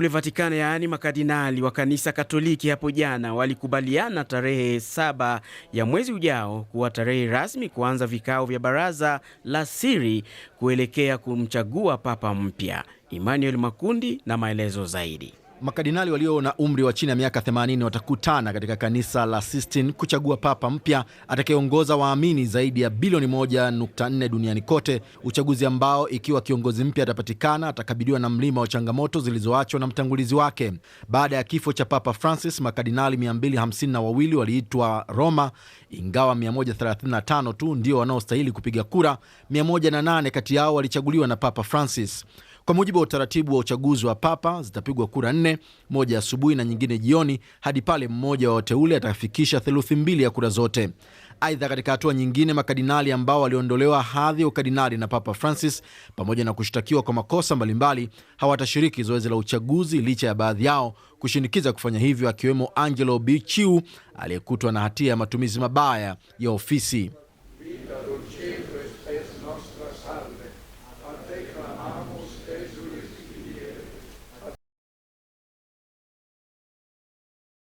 kule Vatikani, yaani makardinali wa kanisa Katoliki hapo jana walikubaliana tarehe saba ya mwezi ujao kuwa tarehe rasmi kuanza vikao vya baraza la siri kuelekea kumchagua papa mpya. Emmanuel Makundi na maelezo zaidi. Makardinali walio na umri wa chini ya miaka 80 watakutana katika kanisa la Sistine kuchagua papa mpya atakayeongoza waamini zaidi ya bilioni 1.4 duniani kote, uchaguzi ambao ikiwa kiongozi mpya atapatikana atakabiliwa na mlima wa changamoto zilizoachwa na mtangulizi wake. Baada ya kifo cha Papa Francis, makardinali 252 waliitwa Roma, ingawa 135 tu ndio wanaostahili kupiga kura. 108 kati yao walichaguliwa na Papa Francis. Kwa mujibu wa utaratibu wa uchaguzi wa papa, zitapigwa kura nne, moja asubuhi na nyingine jioni, hadi pale mmoja wa wateule atafikisha theluthi mbili ya kura zote. Aidha, katika hatua nyingine, makardinali ambao waliondolewa hadhi ya ukardinali na Papa Francis pamoja na kushtakiwa kwa makosa mbalimbali hawatashiriki zoezi la uchaguzi licha ya baadhi yao kushinikiza kufanya hivyo, akiwemo Angelo Bichiu aliyekutwa na hatia ya matumizi mabaya ya ofisi.